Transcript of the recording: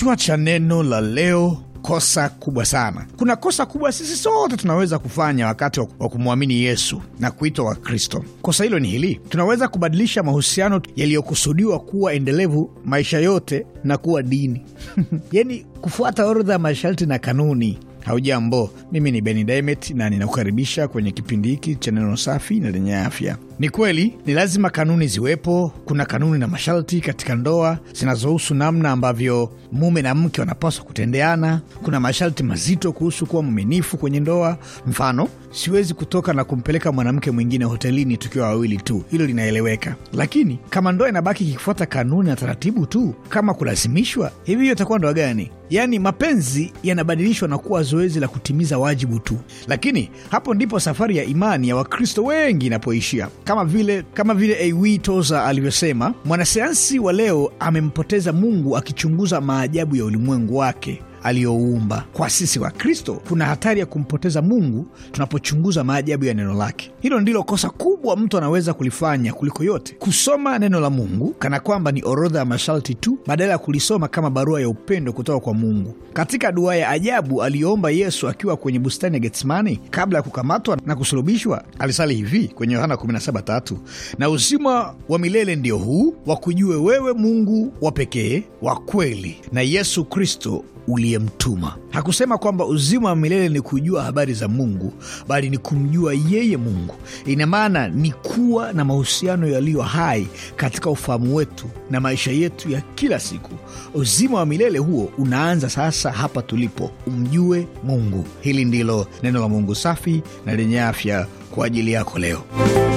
Kichwa cha neno la leo kosa kubwa sana. Kuna kosa kubwa sisi sote tunaweza kufanya wakati wa kumwamini Yesu na kuitwa Wakristo. Kosa hilo ni hili: tunaweza kubadilisha mahusiano yaliyokusudiwa kuwa endelevu maisha yote na kuwa dini, yaani kufuata orodha ya masharti na kanuni Haujambo, mimi ni Beni Dimet na ninakukaribisha kwenye kipindi hiki cha neno safi na lenye afya. Ni kweli ni lazima kanuni ziwepo. Kuna kanuni na masharti katika ndoa zinazohusu namna ambavyo mume na mke wanapaswa kutendeana. Kuna masharti mazito kuhusu kuwa mwaminifu kwenye ndoa. Mfano, siwezi kutoka na kumpeleka mwanamke mwingine hotelini tukiwa wawili tu, hilo linaeleweka. Lakini kama ndoa inabaki ikifuata kanuni na taratibu tu kama kulazimishwa, hivi hiyo itakuwa ndoa gani? Yaani mapenzi yanabadilishwa na kuwa zoezi la kutimiza wajibu tu, lakini hapo ndipo safari ya imani ya Wakristo wengi inapoishia. Kama vile kama vile Aw Toza alivyosema, mwanasayansi wa leo amempoteza Mungu akichunguza maajabu ya ulimwengu wake aliyouumba. Kwa sisi wa Kristo kuna hatari ya kumpoteza Mungu tunapochunguza maajabu ya neno lake. Hilo ndilo kosa kubwa mtu anaweza kulifanya kuliko yote, kusoma neno la Mungu kana kwamba ni orodha ya masharti tu, badala ya kulisoma kama barua ya upendo kutoka kwa Mungu. Katika dua ya ajabu aliyoomba Yesu akiwa kwenye bustani ya Getsemani kabla ya kukamatwa na kusulubishwa, alisali hivi kwenye Yohana 17:3, na uzima wa milele ndio huu, wakujue wewe Mungu wa pekee wa kweli na Yesu Kristo uliyemtuma. Hakusema kwamba uzima wa milele ni kujua habari za Mungu, bali ni kumjua yeye Mungu. Ina maana ni kuwa na mahusiano yaliyo hai katika ufahamu wetu na maisha yetu ya kila siku. Uzima wa milele huo unaanza sasa hapa tulipo, umjue Mungu. Hili ndilo neno la Mungu safi na lenye afya kwa ajili yako leo.